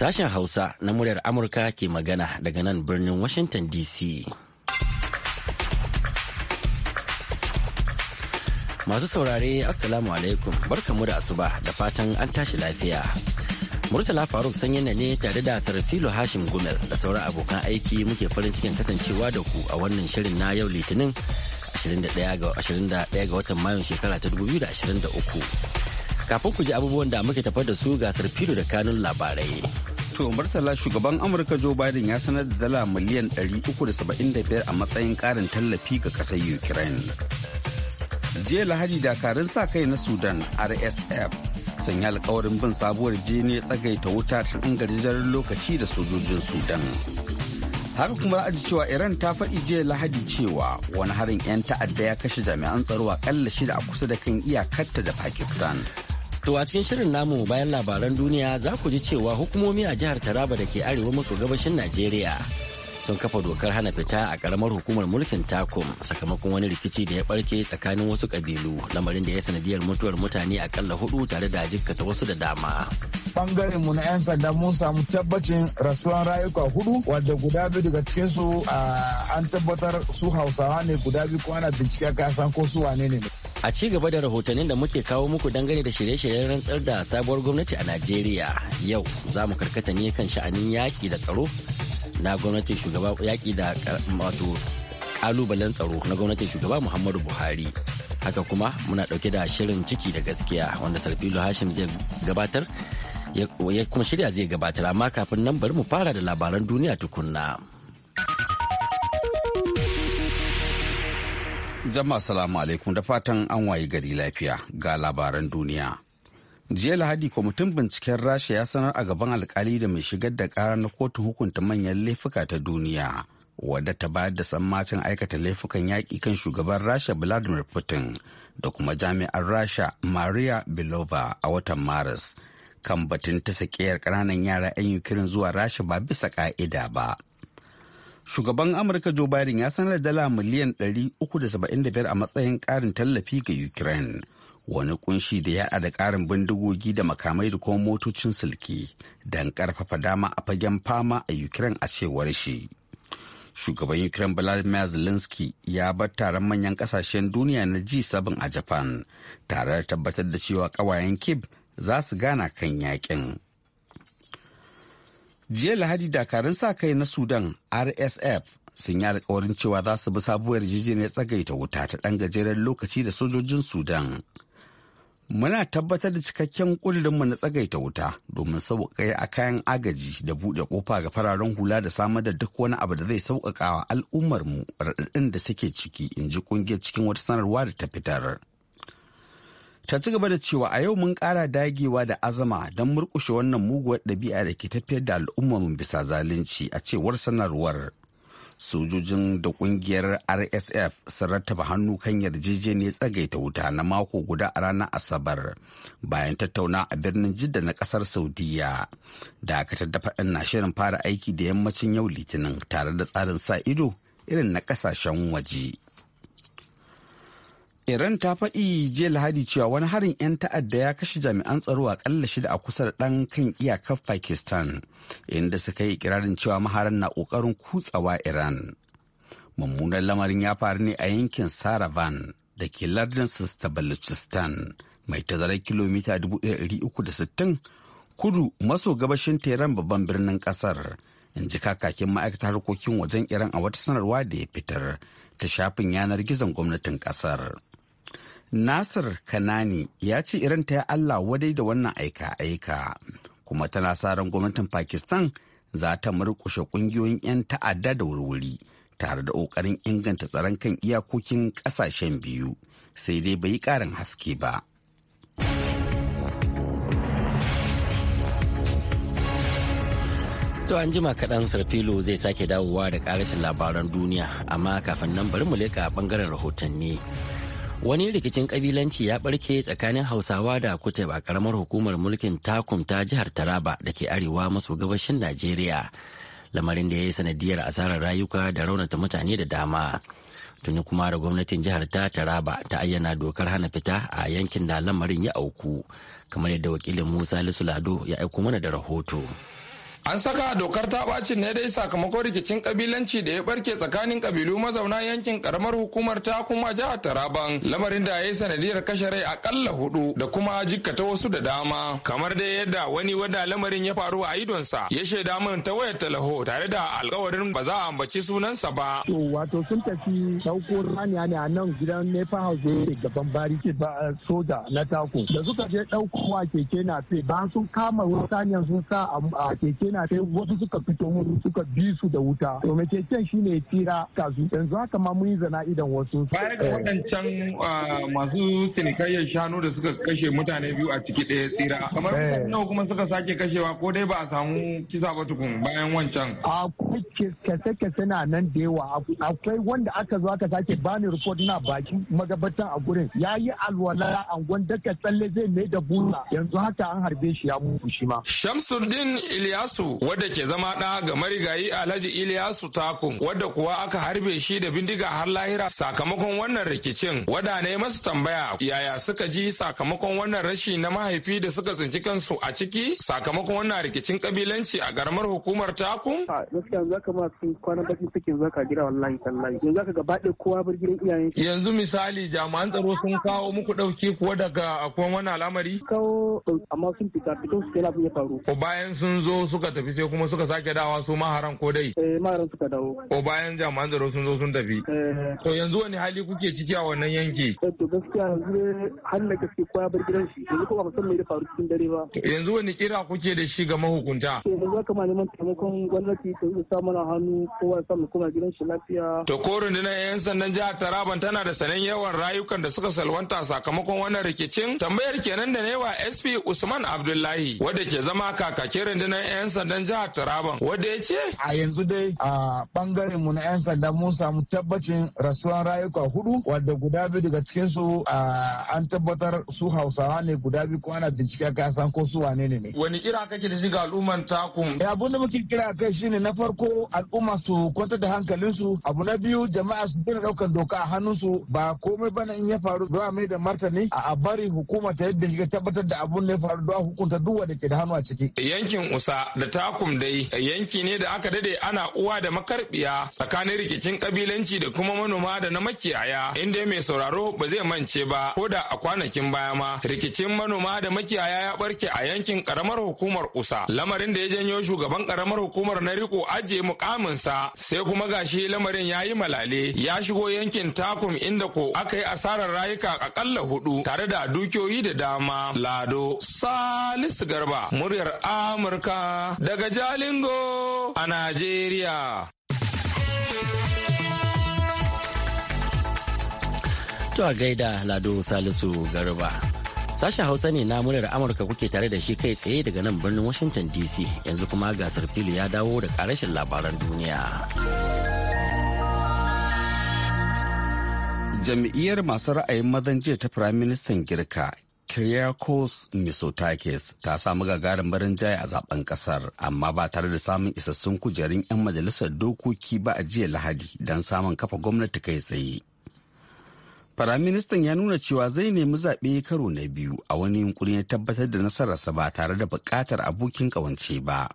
Sashen Hausa na muryar Amurka ke magana daga nan birnin Washington DC. Masu saurare Assalamu alaikum barkamu da asuba da fatan an tashi lafiya. Murtala Faruk yana ne tare da Sarfilo Hashim Gumel da sauran abokan aiki muke farin cikin kasancewa da ku a wannan shirin na yau Litinin 21 ga watan Mayun shekara ta 2023. kafin ku ji abubuwan da muke tafar da su gasar filo da kanun labarai. To Murtala shugaban Amurka Joe Biden ya sanar da dala miliyan 375 a matsayin karin tallafi ga kasar Ukraine. Jiya Lahadi dakarun sa kai na Sudan RSF sun yi alkawarin bin sabuwar jini tsagaita wuta ta ingarjaren lokaci da sojojin Sudan. Haka kuma za a ji cewa Iran ta faɗi jiya Lahadi cewa wani harin 'yan ta'adda ya kashe jami'an tsaro a kalla shida a kusa da kan iyakarta da Pakistan. To a cikin shirin namu bayan labaran duniya za ku ji cewa hukumomi a jihar Taraba da ke arewa maso gabashin Najeriya sun kafa dokar hana fita a karamar hukumar mulkin Takum sakamakon wani rikici da ya barke tsakanin wasu kabilu lamarin da ya sanadiyar mutuwar mutane akalla hudu tare da jikkata wasu da dama. Bangaren mu na 'yan sanda mun samu tabbacin rasuwan rayuka hudu wadda guda biyu daga cikinsu an tabbatar su hausawa ne guda biyu kuma ana bincike ka san ko su wane ne. A ci gaba da rahotannin da muke kawo muku dangane da shirye-shiryen rantsar da sabuwar gwamnati a Najeriya yau za mu karkata ne kan sha'anin yaƙi da tsaro na gwamnatin shugaba yaƙi da wato ƙalubalen tsaro na gwamnatin shugaba Muhammadu Buhari. Haka kuma muna ɗauke da shirin ciki da gaskiya wanda sarfilu Hashim zai gabatar ya kuma shirya zai gabatar amma kafin nan bari mu fara da labaran duniya tukunna. Jama'a salamu alaikum da fatan an waye gari lafiya ga labaran duniya. Jiya Lahadi kwamitin binciken Rasha ya sanar a gaban alkali da mai shigar da kara na kotun hukunta manyan laifuka ta duniya. Wadda ta bayar da sammacin aikata laifukan yaƙi kan shugaban Rasha Vladimir Putin da kuma jami'ar Rasha Maria Belova a watan Maris kan batun ta sakiyar ƙananan yara 'yan Ukraine zuwa Rasha ba bisa ƙa'ida ba. Shugaban Amurka Joe Biden ya sanar da dala miliyan 375 a matsayin ƙarin tallafi ga Ukraine. Wani kunshi da ya da ƙarin bindigogi da makamai da kuma motocin silki don ƙarfafa dama a fagen fama a Ukraine a cewar shi. Shugaban Ukraine Vladimir Zelensky ya bar taron manyan ƙasashen duniya na G7 a Japan tare da tabbatar da cewa ƙawayen Kib za su gana kan yakin. jiya lahadi dakarun sa kai na sudan rsf sun yi alkawarin cewa za su bi sabuwar yarjejeniyar tsagaita wuta ta ɗan gajeren lokaci da sojojin sudan muna tabbatar da cikakken mu na tsagaita wuta domin sauƙaƙa a kayan agaji da buɗe ƙofa ga fararen hula da samar da duk wani abu da zai sauƙaƙa wa al'ummarmu raɗaɗin da suke ciki in ji ƙungiyar cikin wata sanarwa da ta fitar ta ci gaba da cewa a yau mun ƙara dagewa da azama don murƙushe wannan muguwar ɗabi'a da ke tafiyar da al'ummarmu bisa zalunci a cewar sanarwar sojojin da ƙungiyar rsf sun rattaba hannu kan yarjejeniyar tsagaita wuta na mako guda a ranar asabar bayan tattauna a birnin jidda na ƙasar saudiya da aka faɗin na shirin fara aiki da yammacin yau litinin tare da tsarin sa ido irin na ƙasashen waje. Iran ta faɗi jiya Lahadi cewa wani harin 'yan ta'adda ya kashe jami'an tsaro a ƙalla shida a kusa da ɗan kan iyakar Pakistan, inda suka yi ikirarin cewa maharan na ƙoƙarin kutsawa Iran. Mummunan lamarin ya faru ne a yankin Saravan da ke lardin Sista Balochistan mai tazarar kilomita 360 kudu maso gabashin Teheran babban birnin ƙasar. in ji kakakin ma'aikatar harkokin wajen iran a wata sanarwa da ya fitar ta shafin yanar gizon gwamnatin kasar. Nasir Kanani ya ce Iran ta ya Allah wadai da wannan aika-aika kuma tana sa ran gwamnatin Pakistan za ta murƙushe ƙungiyoyin 'yan ta'adda da wurwuri tare da ƙoƙarin inganta tsaron kan iyakokin ƙasashen biyu sai dai bai yi ƙarin haske ba. To an jima kaɗan sarfilo zai sake dawowa da ƙarashin labaran duniya amma kafin nan bari mu leƙa ɓangaren rahotanni. wani rikicin kabilanci ya barke tsakanin hausawa da kutub a karamar hukumar mulkin takum ta jihar taraba da ke arewa maso gabashin najeriya lamarin da ya yi sanadiyar asarar rayuka da raunata mutane da dama tuni kuma da gwamnatin jihar ta taraba ta ayyana dokar hana fita a yankin da lamarin ya auku kamar yadda wakilin musa Lado ya aiko mana da rahoto An saka dokar ta bacin ne dai sakamakon rikicin kabilanci da ya barke tsakanin kabilu mazauna yankin karamar hukumar ta kuma jihar Taraban lamarin da ya yi sanadiyar kashe rai akalla hudu da kuma jikkata wasu da dama kamar dai yadda wani wanda lamarin ya faru a idonsa ya shaida min ta wayar talaho tare da alkawarin ba za a ambaci sunansa ba. Wato sun tafi sauko rani ne a nan gidan Nepa House da yake gaban bariki ba eh, soja na tako da suka je daukowa keke na fe ba sun kama wasaniyar sun sa a keke na hanya sai wasu suka fito wuri suka bi su da wuta to mai keken shi ne tira kasu yanzu haka ma mun yi zana idan wasu. baya ga waɗancan ah, masu cinikayyar shanu da suka kashe mutane biyu a ciki ɗaya tsira kamar eh. nawa kuma suka sake kashewa ko dai ba a samu kisa ba tukun bayan wancan. akwai kese-kese na nan da yawa akwai wanda aka zo aka sake bani report na baki magabatan a gurin ya yi alwala angon daka tsalle zai mai da bula yanzu haka an harbe shi ya mutu shi ma. Shamsuddin Ilyasu Iliyasu wadda ke zama ɗa ga marigayi Alhaji Iliyasu Takun wadda kuwa aka harbe shi da bindiga har lahira sakamakon wannan rikicin wadda ne masu tambaya yaya suka ji sakamakon wannan rashi na mahaifi da suka tsinci kansu a ciki sakamakon wannan rikicin kabilanci a garamar hukumar Takun. Gaskiya zaka ma sun kwana bakin cikin zaka gida wallahi tallahi yanzu zaka gaba ɗaya kowa bar gidan iyayen yanzu misali jami'an tsaro sun kawo muku ɗauki kuwa daga akwai wani al'amari kawo amma sun fita fitan su yana ya faru bayan sun zo suka suka tafi sai kuma suka sake dawa su maharan ko dai eh maharan suka dawo ko bayan jami'an tsaro sun zo sun tafi eh. to yanzu wani hali kuke ciki a wannan yanki eh, to gaskiya yanzu halin gaske koya bar gidan shi yanzu kuma ba san me da faru cikin dare ba yanzu wani kira kuke da shi ga mahukunta to eh, yanzu ka ma neman taimakon gwamnati ta zo sa mana hannu kowa ya samu kuma gidan shi lafiya to ko rundunar yan sandan jihar Taraban tana da sanan yawan rayukan da suka salwanta sakamakon wannan rikicin tambayar kenan da ne wa SP Usman Abdullahi wanda ke zama kakakin rundunar yan sandan jihar Taraban wanda ya ce a yanzu dai a bangaren mu na 'yan sanda mun samu tabbacin rasuwan rayuka hudu wadda guda biyu daga cikin su an tabbatar su Hausawa ne guda biyu kuma ana bincike ka san ko su wane ne ne wani kira kake da shi ga al'umman takun eh Abun da muke kira kai shine na farko al'umma su kwanta da hankalin su abu na biyu jama'a su daina daukar doka a hannun su ba komai bane in ya faru ba mai da martani a bari hukuma ta yadda tabbatar da abun da ya faru don hukunta duk wanda ke da hannu a ciki yankin usa da takum dai yanki ne da aka dade ana uwa da makarbiya tsakanin rikicin kabilanci da kuma manoma da na makiyaya inda mai sauraro ba zai mance ba ko da a kwanakin baya ma rikicin manoma da makiyaya ya barke a yankin karamar hukumar usa lamarin da ya janyo shugaban karamar hukumar na riko ajiye mukaminsa sai kuma gashi lamarin ya yi malale ya shigo yankin takum inda ko aka yi asarar rayuka akalla hudu tare da dukiyoyi da dama lado salisu garba muryar amurka daga Jalingo a Najeriya. To gaida Lado Salisu Garba. Sashen Hausa ne na murar Amurka kuke tare da shi kai tsaye daga nan birnin Washington DC yanzu kuma gasar fili ya dawo da karashin labaran duniya. Jami'iyyar masu ra'ayin mazan jiya ta Firaministan Girka Kyriakos Misotakis ta samu barin jaya a zaben kasar amma ba tare da samun isassun kujerun 'yan majalisar dokoki ba a jiya Lahadi don samun kafa gwamnati kai tsaye. Firaministan ya nuna cewa zai nemi zaɓe karo na biyu a wani yunkuri na tabbatar da nasararsa ba tare da buƙatar abokin ƙawance ba.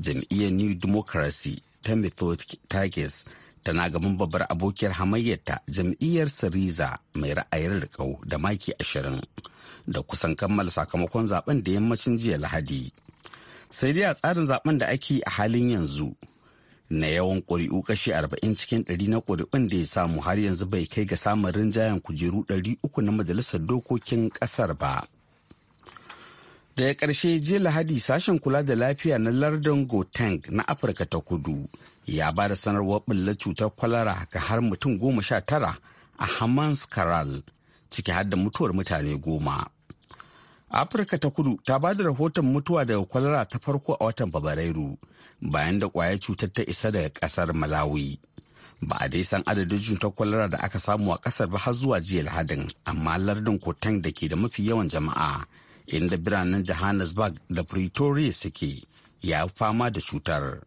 Jam'iyyar New Democracy ta Mitsotakis tana gaban babbar abokiyar hamayyarta jam'iyyar Syriza mai ra'ayin rikau da maki ashirin. da kusan kammala sakamakon zaben da yammacin jiya lahadi sai dai a tsarin zaben da ake a halin yanzu na yawan ƙuri'u kashi 40 cikin 100 na ƙuri'un da ya samu har yanzu bai kai ga samun rinjayen kujeru 300 na majalisar dokokin ƙasar ba daga ƙarshe jiya lahadi sashen kula da lafiya na lardin goteng na afirka ta kudu ya ba da sanarwar ɓullar cutar kwalara ga har mutum goma sha tara a hamans karal ciki har da mutuwar mutane goma Afirka ta kudu ta ba da rahoton mutuwa daga kwalara ta farko a watan Fabrairu bayan da kwayar cutar ta isa daga kasar Malawi. Ba a dai san adadin cutar kwalara da aka samu a kasar ba har zuwa jiya Lahadin, amma lardin kotan da ke da mafi yawan jama'a inda biranen Johannesburg da Pretoria suke ya fama da cutar.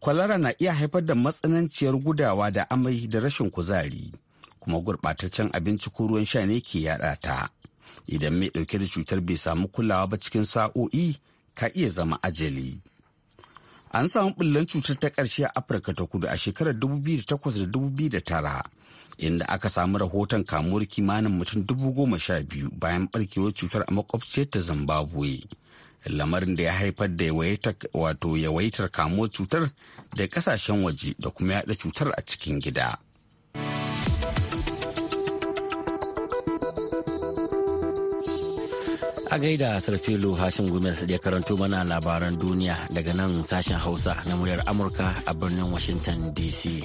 Kwalara na iya haifar da matsananciyar gudawa da amai da rashin kuzari, kuma gurɓataccen abinci ko ruwan sha ne ke yaɗa ta. idan mai ɗauke da cutar bai samu kulawa ba cikin sa'o'i ka iya zama ajali an samu ɓullan cutar ta ƙarshe a afirka ta kudu a shekarar 2008 da 2009 inda aka samu rahoton kamuwar kimanin mutum dubu biyu bayan barkewar cutar a makwabciyar ta zimbabwe lamarin da ya haifar da wato yawaitar kamuwar cutar da kasashen waje da kuma yaɗa cutar a cikin gida. A gaida Sarfilu Hashim Gumel ya karanto mana labaran duniya daga nan sashen Hausa na muryar Amurka a birnin Washington DC.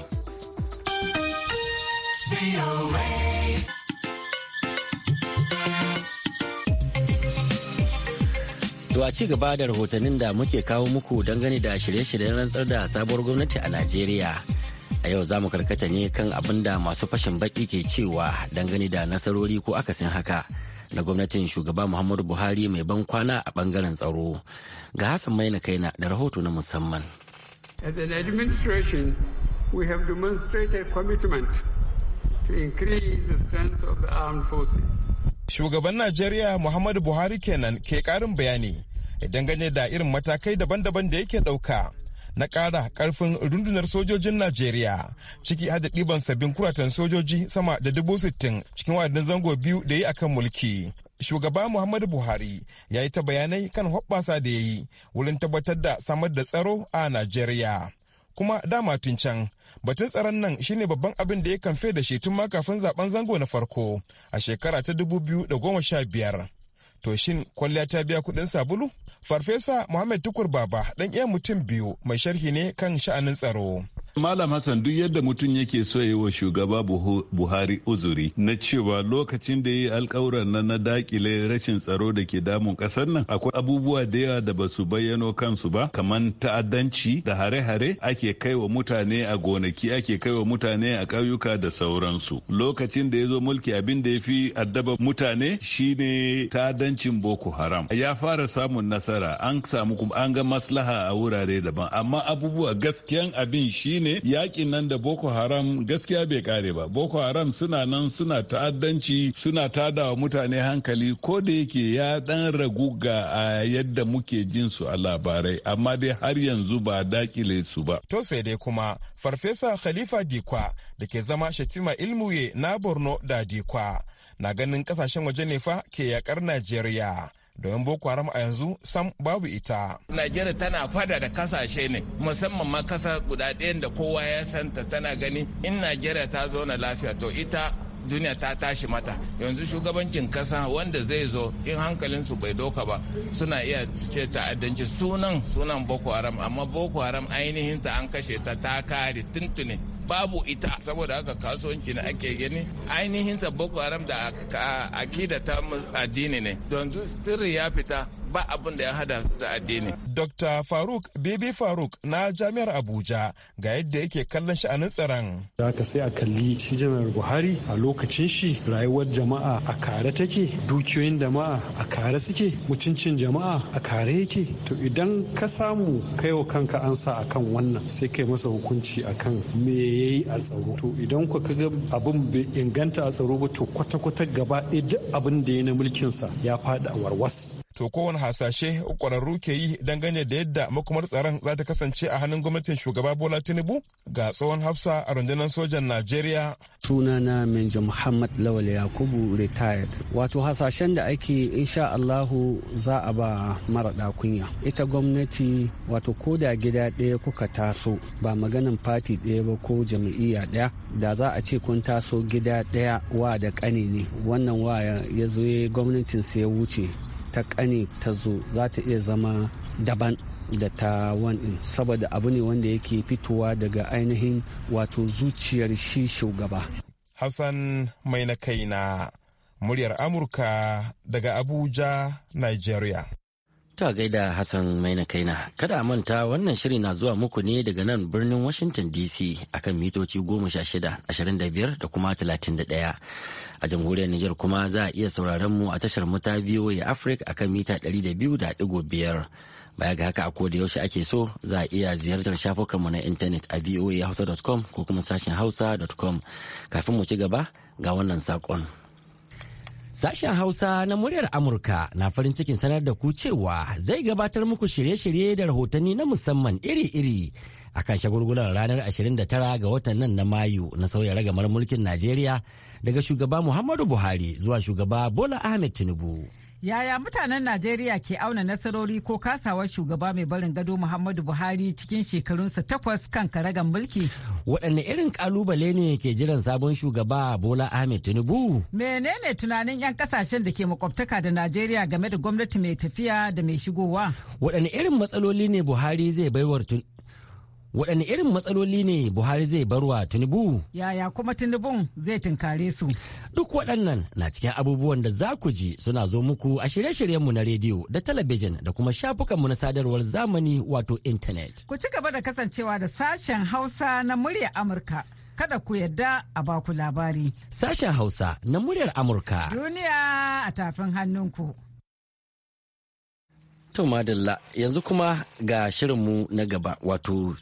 To a ci gaba da rahotannin da muke kawo muku dangane da shirye-shiryen rantsar da sabuwar gwamnati a Najeriya. A yau za mu karkata ne kan abin da masu fashin baki ke cewa dangane da nasarori ko akasin haka. na gwamnatin shugaba muhammadu buhari mai ban kwana a bangaren tsaro ga hassan maina kaina da rahoto na musamman as an administration we have demonstrated commitment to increase the strength of the armed forces shugaban najeriya muhammadu buhari kenan ke karin bayani idan ganye da irin matakai daban-daban da yake ɗauka na ƙara ƙarfin rundunar sojojin Najeriya ciki har da ɗiban sabbin kuratan sojoji sama da dubu sittin cikin wa'adin zango biyu da yi kan mulki. Shugaba Muhammadu Buhari ya yi ta bayanai kan hoɓɓasa da ya yi wurin tabbatar da samar da tsaro a Najeriya. Kuma dama tun can batun tsaron nan shine babban abin da ya kamfe da shi tun ma kafin zaben zango na farko a shekara ta dubu biyu da goma sha biyar. To shin kwalliya ta biya kuɗin sabulu? Farfesa Muhammad Tukur Baba ɗan iya mutum biyu mai sharhi ne kan sha'anin tsaro. Malam Hassan duk yadda mutum yake so ya yi wa shugaba Buhari uzuri na cewa lokacin da ya yi alkawuran nan na dakile rashin tsaro da ke damun kasar nan akwai abubuwa da yawa da basu bayyano kansu ba kamar ta'addanci da hare-hare ake kai wa mutane a gonaki ake kai wa mutane a ƙauyuka da sauransu. Lokacin da ya zo mulki abin da ya fi addaba mutane shine ta'addancin Boko Haram. Ya fara samun nasara an samu kuma an ga maslaha a wurare daban amma abubuwa gaskiyan abin shine ne yakin nan da Boko Haram gaskiya bai kare ba. Boko Haram suna nan suna ta'addanci suna tada wa mutane hankali ko da yake ya dan ragu ga a yadda muke jin su a labarai amma dai har yanzu ba dakile su ba. To sai dai kuma Farfesa Khalifa Dikwa da ke zama Shatima Ilmuye na Borno da Dikwa na ganin kasashen waje ne fa ke yakar Najeriya. domin boko haram a yanzu sam babu ita najeriya tana fada da kasashe ne musamman ma kasa guda ɗayan da kowa ya santa tana gani in najeriya ta zauna lafiya to ita duniya ta tashi mata yanzu shugabancin kasa wanda zai zo in hankalinsu bai doka ba suna iya ce ta'addanci sunan sunan boko haram amma boko haram ainihin an kashe ta ta kare tuntune babu ita saboda haka kasuwanci ne ake gani ainihin sa boko haram da akida ta addini ne don sirri ya fita ba abin da ya hada da addini. Dr. Faruk Bibi Faruk na Jami'ar Abuja ga yadda yake kallon sha'anin tsaron. Za ka sai a kalli shi Janar Buhari a lokacin shi rayuwar jama'a a kare take, dukiyoyin jama'a a kare suke, mutuncin jama'a a kare yake. To idan ka samu kaiwa kanka an sa akan wannan sai kai masa hukunci akan me yayi a tsaro. To idan ku ga abin bai inganta a tsaro ba to kwata-kwata gaba ɗaya duk abin da ya na mulkinsa ya faɗa warwas. To kowane hasashe ƙwararru ke yi dangane da yadda makomar tsaron za ta kasance a hannun gwamnatin shugaba Bola Tinubu ga tsohon Hafsa a rundunar sojan Najeriya. Sunana Minjo Muhammad Lawal Yakubu retired. Wato hasashen da ake insha Allahu za a ba mara kunya. Ita gwamnati wato ko da gida ɗaya kuka taso ba maganin fati ɗaya ba ko jam'iyya ɗaya da za a ce kun taso gida ɗaya wa da ƙani ne wannan wa ya zo gwamnatin sai ya wuce ta kani ta zo za ta iya zama daban da ta wani saboda abu ne wanda yake fitowa daga ainihin wato zuciyar shi shugaba. Hassan mai na kaina muryar Amurka daga Abuja, Nigeria. Ta gaida Hassan mai na kaina, kada a manta wannan shiri na zuwa muku ne daga nan birnin Washington DC akan mitoci goma sha da kuma talatin A jamhuriyar Nijar kuma za a iya sauraron mu a tashar mu ta VOA Africa akan mita 200.5. Baya ga haka a koda yaushe ake so za a iya ziyartar shafukanmu na intanet a voahausa.com ko kuma sashen hausa.com. Kafin mu ci gaba ga wannan saƙon. Sashen Hausa na muryar Amurka na farin cikin sanar da ku cewa zai gabatar muku shirye-shirye da rahotanni na musamman iri-iri akan shagulgular ranar 29 ga watan nan na Mayu na sauya ragamar mulkin Najeriya daga shugaba Muhammadu Buhari zuwa shugaba Bola Ahmed Tinubu. Yaya mutanen Najeriya ke auna nasarori ko kasawar shugaba mai barin gado Muhammadu Buhari cikin shekarunsa takwas kan karagan mulki? Waɗanne irin kalubale ne ke jiran sabon shugaba Bola Ahmed Tinubu? Menene tunanin 'yan kasashen da ke makwabtaka da Najeriya game da gwamnati mai tafiya da mai shigowa? Waɗanne irin matsaloli ne Buhari zai baiwar waɗanne irin matsaloli ne buhari zai barwa tinubu yaya kuma tinubu zai tunkare su duk waɗannan na cikin abubuwan da za ku ji suna zo muku a shirye-shiryenmu na rediyo da talabijin da kuma shafukanmu na sadarwar zamani wato intanet ku ci gaba da kasancewa da sashen hausa na murya amurka kada ku yarda a baku labari sashen hausa na muryar amurka duniya a tafin hannunku To madalla yanzu kuma ga shirinmu na gaba wato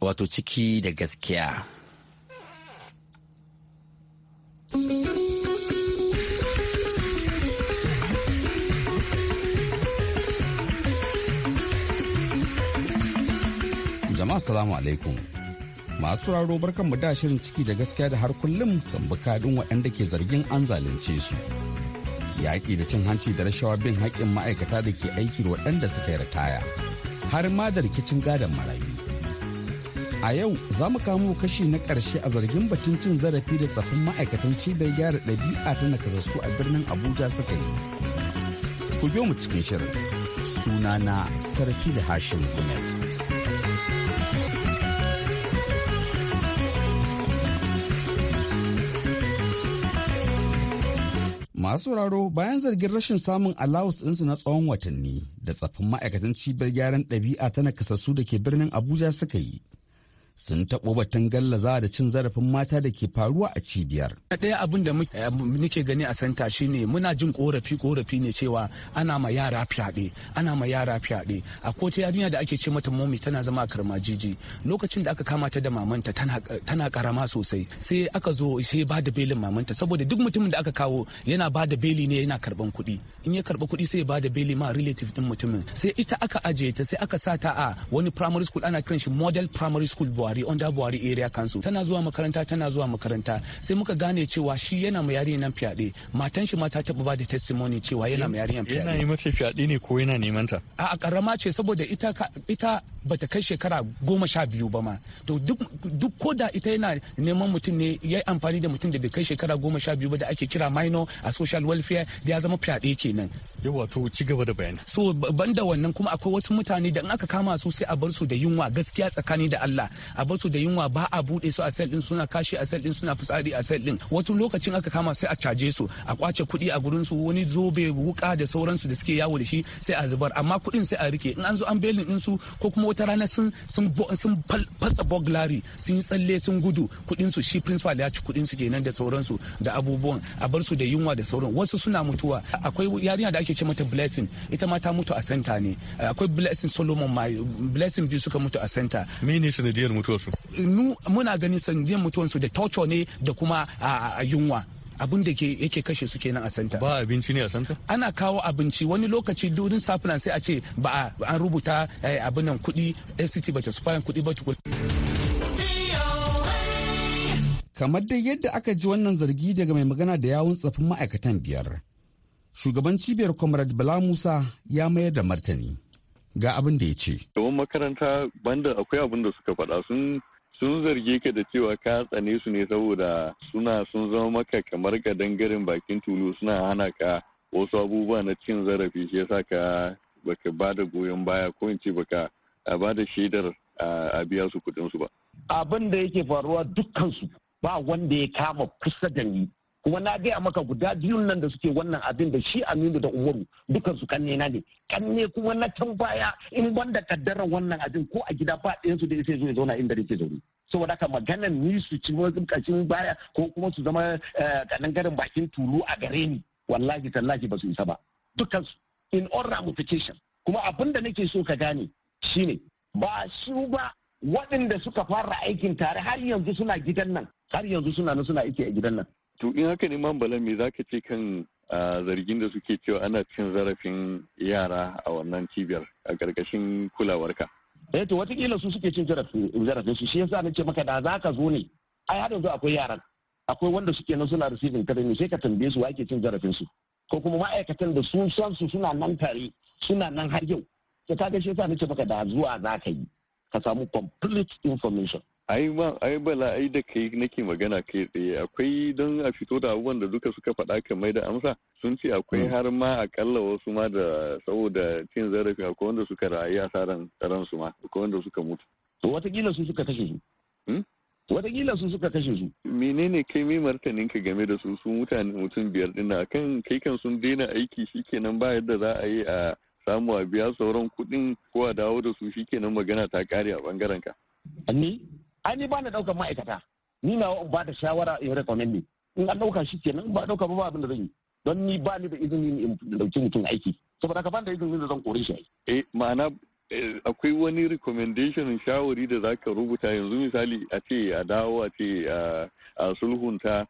wato ciki da gaskiya. Jama'a salamu alaikum. Masu sauraro barkanmu da shirin ciki da gaskiya da har kullum kan bukadin waɗanda ke zargin an zalunce su. Yaƙi da cin hanci da rashawa bin haƙƙin ma'aikata da ke aiki waɗanda suka yi ritaya. Har ma da rikicin gadon marayu. A yau za mu kamo kashi na ƙarshe a zargin batun cin zarafi da tsafin ma'aikatan cibiyar gyara ɗabi'a ta nakasassu a birnin Abuja suka yi. Ku biyo mu cikin shirin sunana Sarki da Hashim Gumel. Masu raro bayan zargin rashin samun allowance ɗinsu na tsawon watanni da tsafin ma'aikatan cibiyar gyaran ɗabi'a ta nakasassu da ke birnin Abuja suka yi. sun taɓo batun gallaza da cin zarafin mata da ke faruwa a cibiyar. Ɗaya abin da muke eh, gani a santa shine muna jin korafi korafi ne cewa ana ma yara fyaɗe ana ma yara fyaɗe a kotu yarinya da ake ce mata momi tana zama a karmajiji lokacin da aka kama ta da mamanta tana karama sosai sai aka zo sai ba da belin mamanta saboda duk mutumin da aka kawo yana ba da beli ne yana karban kuɗi in ya karɓa kuɗi sai ya ba da beli ma relative din mutumin sai ita aka ajiye ta sai aka sa ta a wani primary school ana kiran shi model primary school Buhari under Buhari area council tana zuwa makaranta tana zuwa makaranta sai muka gane cewa shi yana mai yari nan fyaɗe matan shi ma ta taba ba da testimony cewa yana yari nan fyaɗe yana yi masa fyaɗe ne ko yana neman ta a karama ce saboda ita ita bata kai shekara goma sha biyu ba ma to duk duk ko da ita yana neman mutum ne ya amfani da mutum da bai kai shekara goma sha biyu ba da ake kira minor a social welfare da ya zama fyaɗe kenan yawa to ci gaba da bayani so banda wannan kuma akwai wasu mutane da in aka kama su sai a bar su da yunwa gaskiya tsakani da Allah a su da yunwa ba a bude su a sel ɗin suna kashi a sel ɗin suna fitsari a sel ɗin wasu lokacin aka kama sai a caje su a kwace kuɗi a gurin su wani zobe wuka da sauransu da suke yawo da shi sai a zubar amma kuɗin sai a rike in an zo an belin din su ko kuma wata rana sun sun sun fasa burglary sun yi tsalle sun gudu kuɗin su shi principal ya ci kuɗin su kenan da sauransu da abubuwan a bar su da yunwa da sauran wasu suna mutuwa akwai yarinya da ake ce mata blessing ita ma ta mutu a santa ne akwai blessing solomon ma blessing biyu suka mutu a santa mene sanadiyar mutuwarsu muna ganin sanadiyar mutuwarsu da tocho ne da kuma a yunwa abin da yake kashe su kenan a santa ba abinci ne a santa ana kawo abinci wani lokaci durin safinan sai a ce ba an rubuta eh, abin nan kudi sct ba ta sufayan kudi. ba kamar dai yadda aka ji wannan zargi daga mai magana da yawun tsafin ma'aikatan biyar shugaban cibiyar comrade bala musa ya mayar da martani ga abin da ya ce. Yawan makaranta banda akwai abin da suka faɗa sun sun zarge ka da cewa ka tsane su ne saboda suna sun zama maka kamar ka dangaren bakin tulu suna hana ka wasu abubuwa na cin zarafi shi yasa ka baka ba da goyon baya ko in ce baka ba da shaidar a biya su kuɗin su ba. Abin da yake faruwa dukkan su ba wanda ya kama kusa da ni kuma na gaya maka guda biyun nan da suke wannan abin da shi aminu da umaru dukansu kanne na ne kanne kuma na can baya in banda kaddarar wannan abin ko a gida ba su da ya zo ya zauna inda yake zaune saboda haka maganan ni su ci kashin baya ko kuma su zama eh, kanan garin bakin tulu a gare ni wallahi tallahi ba su isa ba dukansu in all ramification kuma abin da nake so ka gane shine ba su ba waɗanda suka fara aikin tare har yanzu suna gidan nan har yanzu suna nan suna aiki a gidan nan to in haka ne man me za ka ce kan zargin da suke cewa ana cin zarafin yara a wannan cibiyar a ƙarƙashin kulawarka. Eh to watakila su suke cin zarafin su shi yasa na ce maka da za ka zo ne ai har yanzu akwai yaran akwai wanda suke nan suna receiving kada ne sai ka tambaye su ake cin zarafin su ko kuma ma'aikatan da su san su suna nan tare suna nan har yau to ga shi yasa na ce maka da zuwa za ka yi ka samu complete information ai ma ai bala ai da kai nake magana kai tsaye akwai don a fito da abubuwan da duka suka faɗa kan mai da amsa sun ce akwai hmm. har ma akalla wasu ma da saboda cin zarafi akwai wanda suka rayu tsarin tsaron su ma ko wanda suka mutu to watakila su suka kashe su hmm? watakila su suka kashe su menene kai mai martanin ka game da su su mutane mutum biyar din akan kai kan sun daina aiki shikenan ba yadda za a yi a samu a biya sauran kuɗin ko a dawo da su shikenan magana ta kare a bangaren ka ni ba na ɗaukar ma'aikata ni na ba da shawara in recommend ne in an ɗauka shi kenan ba ɗauka ba abin da zan yi don ni ba ni da izini in ɗauki mutum aiki saboda ka ba da izini da zan kore shi eh ma'ana eh, akwai wani recommendation shawari da za ka rubuta yanzu misali a ce a dawo a ce a sulhunta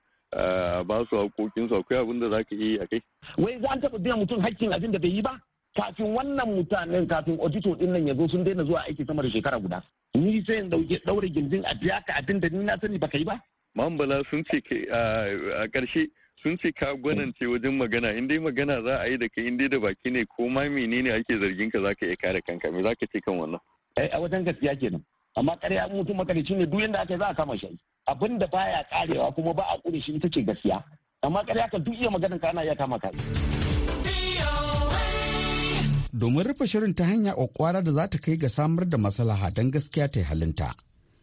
ba su haƙoƙinsu akwai abin da za ka yi a kai. Wai za an taɓa biyan mutum haƙƙin abin da bai yi ba? kafin wannan mutanen kafin audito din nan ya zo sun daina zuwa aiki sama da shekara guda ni sai in dauke daure gindin a biya ka abin da ni na sani baka yi ba mambala sun ce a ƙarshe sun ce ka gwanance wajen magana in dai magana za a yi da kai in dai da baki ne ko ma menene ake zargin ka zaka iya kare kanka me zaka ce kan wannan eh, a wajen gaskiya kenan amma ƙarya mutum makarici ne duk yanda aka za a kama shi abin da baya karewa kuma ba a kure shi ita ce gaskiya amma ƙarya ka duk iya magana ka ana iya kama ka domin rufe shirin ta hanya ƙwaƙwara da za ta kai ga samar da maslaha don gaskiya ta yi halinta.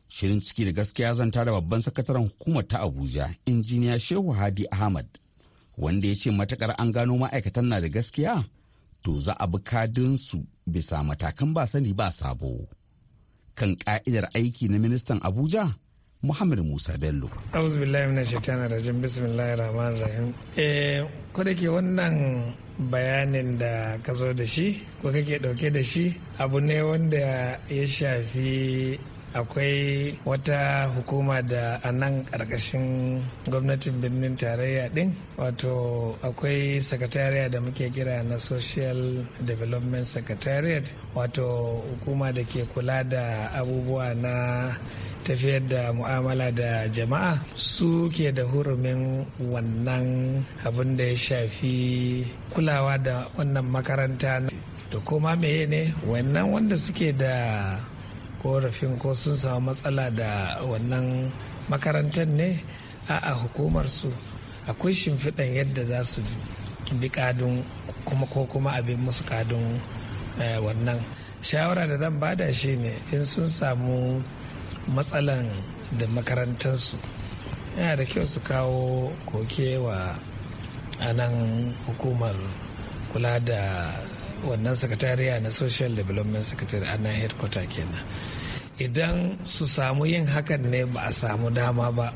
Shirin ciki da gaskiya zanta da babban sakataren hukumar ta Abuja, injiniya Shehu Hadi Ahmad, wanda ya ce matakar an gano ma'aikatan na da gaskiya, to za a bi kadinsu bisa matakan ba sani ba sabo. Kan ka'idar aiki na ministan Abuja, Muhammad Musa Bello. Auzu billahi minash shaitani rajim bismillahir rahmanir rahim. Eh ko da ke wannan bayanin da ka zo da shi ko kake dauke da shi abu ne wanda ya shafi akwai wata hukuma da a nan ƙarƙashin gwamnatin birnin tarayya ɗin wato akwai sakatariya da muke kira na social development secretariat wato hukuma da ke kula da abubuwa na tafiyar da mu'amala da jama'a su ke da hurumin wannan abin da ya shafi kulawa da wannan makaranta da kuma meye ne wannan wanda suke da korafin ko sun samu matsala da wannan makarantar ne a hukumar su akwai shimfiɗan yadda za su bi kadun kuma ko kuma abin musu kadun eh, wannan shawara da zan bada shi ne in sun samu matsalan da makarantarsu yana da kyau su kawo koke wa anan hukumar kula da wannan sakatariya na social development secretary a nan headquarter kenan idan su samu yin hakan ne ba a samu dama ba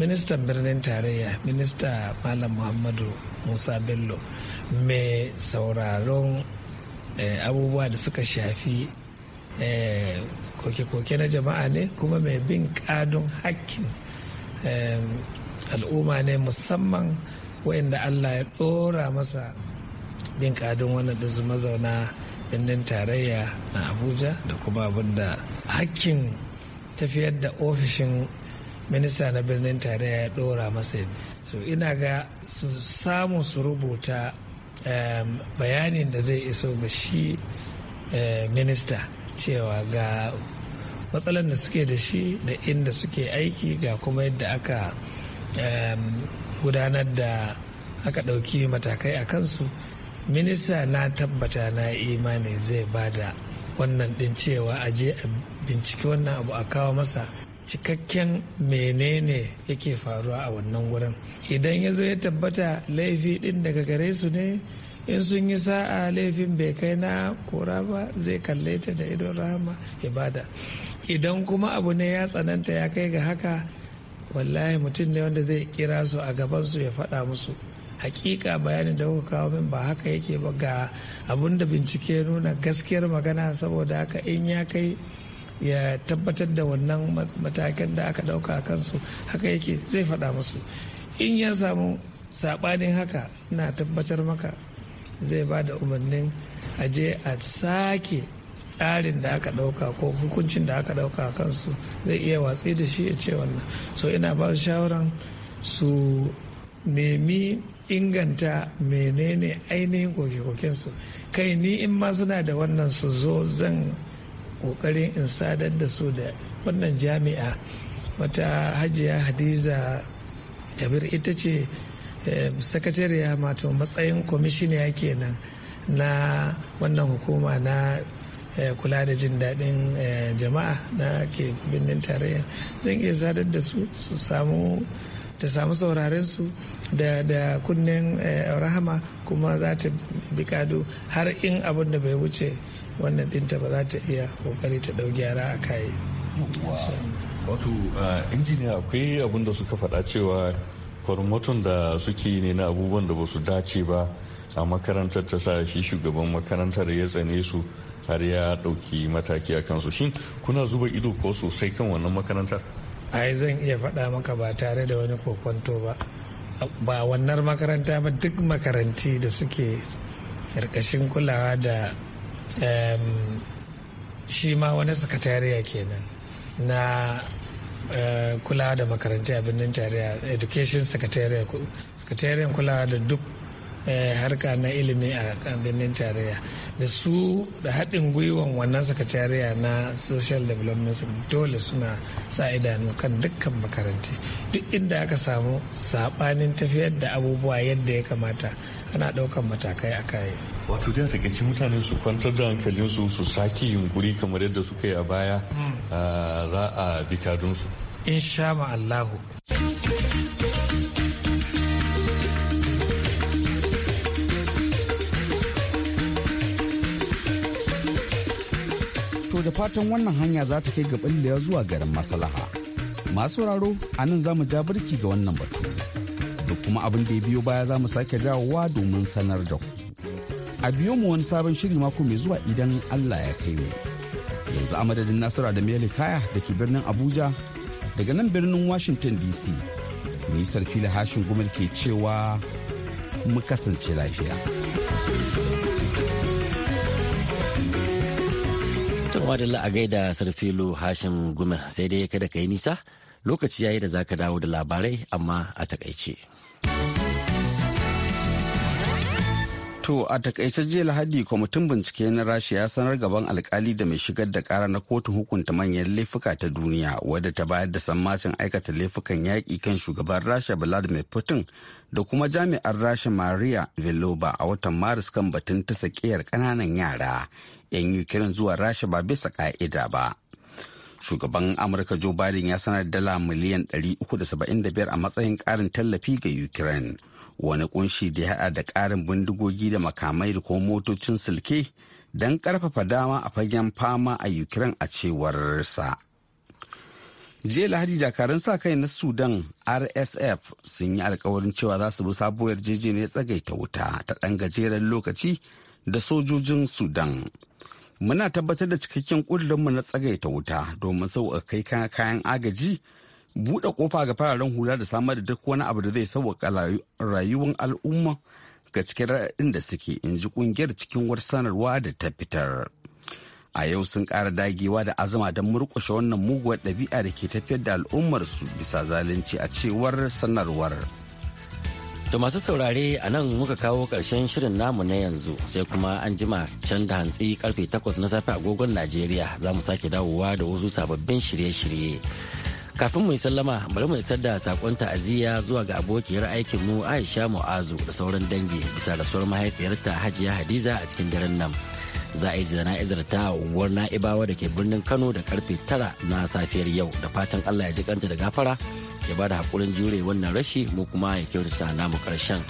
ministan birnin tarayya minista malam muhammadu musa bello mai sauraron eh, abubuwa da suka shafi eh, koke-koke na jama'a ne kuma mai bin kadun hakkin al'umma ne musamman wa'inda allah ya dora masa bin kadun wannan da su mazauna birnin tarayya na abuja da kuma abin da hakkin tafiyar da ofishin minista na birnin tarayya ya dora masa so ina ga su samu su rubuta bayanin da zai iso ga shi eh, minista cewa ga matsalar da suke da shi da inda suke aiki ga kuma yadda aka gudanar da aka ɗauki matakai a kansu minista na tabbata na imani zai ba da wannan din cewa a je a binciki wannan abu a kawo masa cikakken menene yake faruwa a wannan wurin idan ya zo ya tabbata laifi din daga gare su ne in sun yi sa'a laifin bai kai na kora ba zai kalle ta da idon rahama ibada idan kuma abu ne ya tsananta ya kai ga haka wallahi mutum ne wanda zai kira su a gaban su ya faɗa musu hakika bayanin da kuka kawo min ba haka yake ba ga abun da bincike nuna gaskiyar magana saboda haka in ya kai ya tabbatar da wannan matakan da aka dauka a kansu haka yake zai faɗa musu in ya samu saɓanin haka na tabbatar maka zai ba da umarnin aje a sake tsarin da aka ɗauka ko hukuncin da aka ɗauka a kansu zai iya watsi da shi ya ce wannan so ina ba su shawaran su nemi inganta menene ainihin koke-kokensu kai ni in ma suna da wannan su zo zan kokarin in sadar da su da wannan jami'a wata hajiya hadiza kabir ita ce eh, sakatariya mato matsayin kwamishiniya kenan na wannan hukuma na eh, kula da jin daɗin eh, jama'a na ke birnin tarayya zan iya sadar da su su samu ta samu sauraren su da da kunnen eh, rahama kuma za ta bi kado har in abin da bai wuce wannan dinta ba za ta iya kokari ta dau gyara a kayi wato injiniya akwai abin da suka faɗa cewa farmatun da suke ne na abubuwan da ba su dace ba a makarantar ta sa shi shugaban makarantar ya tsane su har ya ɗauki mataki a kansu shin kuna zuba ido ko sosai kan wannan makarantar ai zan iya faɗa maka ba tare da wani kokwanto ba ba wannan makaranta ba duk makaranti da suke karkashin kulawa da shi ma wani sakatariya kenan na eh, kulawa da makaranti a birnin tarayya education secretariat kulawa da duk Eh, harka na ilimi a birnin tarayya da su da haɗin gwiwan wannan sakatariya na social development dole suna sa idanu kan dukkan makaranti duk inda aka samu saɓanin tafiyar da abubuwa yadda ya kamata ana ɗaukan matakai a kai wato da cikin mutane su kwantar da hankalinsu su sake yunkuri kamar yadda suka yi a baya hmm. ah, za a bi kadunsu in sha ma'allahu. da fatan wannan hanya za ta kai ga ɓallewa zuwa garin maslaha. Masu sauraro a nan za mu ja birki ga wannan batu. Da kuma abin da ya biyo baya za mu sake dawowa domin sanar da ku. A biyo mu wani sabon shiri mako mai zuwa idan Allah ya kai mu. Yanzu a madadin Nasara da Mele Kaya da ke birnin Abuja daga nan birnin Washington DC. Nisar fili hashin gumar ke cewa mu kasance lafiya. Madalla a gaida Sarfilu Hashim guma sai dai kada ka yi nisa lokaci yayi da za ka dawo da labarai amma a takaice. To a takaice jiya Lahadi kwamitin bincike na Rasha ya sanar gaban alkali da mai shigar da kara na kotun hukunta manyan laifuka ta duniya wadda ta bayar da sammacin aikata laifukan yaƙi kan shugaban Rasha Vladimir Putin da kuma jami'ar Rasha Maria Veloba a watan Maris kan batun ta sakiyar ƙananan yara 'yan Ukraine zuwa Rasha ba bisa ka'ida ba. Shugaban Amurka Joe Biden ya sanar dala miliyan 375 a matsayin ƙarin tallafi ga Ukraine. wani kunshi da ya haɗa da ƙarin bindigogi da makamai da kuma motocin silke don ƙarfafa dama a fagen fama a ukraine a cewar sa jiya lahadi jakarun sa kai na sudan rsf sun yi alkawarin cewa za su bi sabuwar tsagai tsagaita wuta ta ɗan gajeren lokaci da sojojin sudan muna tabbatar da cikakken mu na tsagaita wuta domin sauƙaƙa kai kayan agaji buɗe kofa ga fararen hula da samar da duk wani abu da zai sauwaka rayuwar al'umma ga cikin raɗaɗin da suke in ji ƙungiyar cikin wata sanarwa da ta fitar a yau sun ƙara dagewa da azama don murƙushe wannan muguwar ɗabi'a da ke tafiyar da al'ummarsu bisa zalunci a cewar sanarwar To masu saurare a nan muka kawo ƙarshen shirin namu na yanzu sai kuma an jima can da hantsi karfe 8 na safe agogon Najeriya za mu sake dawowa da wasu sababbin shirye-shirye. kafin mu yi sallama bari mu isar da sakon ta'aziyya zuwa ga abokiyar aikin mu Aisha Mu'azu da sauran dangi bisa rasuwar mahaifiyarta Hajiya Hadiza a cikin daren nan. Za a yi jana'izar ta unguwar Na'ibawa da ke birnin Kano da karfe tara na safiyar yau da fatan Allah ya ji kanta da gafara ya bada hakurin jure wannan rashi mu kuma ya kyautata namu karshen.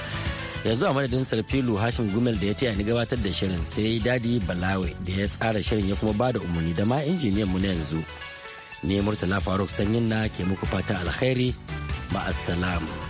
yanzu a madadin sarfilu hashim gumel da ya taya ni gabatar da shirin sai dadi balawe da ya tsara shirin ya kuma bada umarni da ma injiniyan mu na yanzu ne murtala faruk sanyin na ke muku fata alkhairi ma'assalam.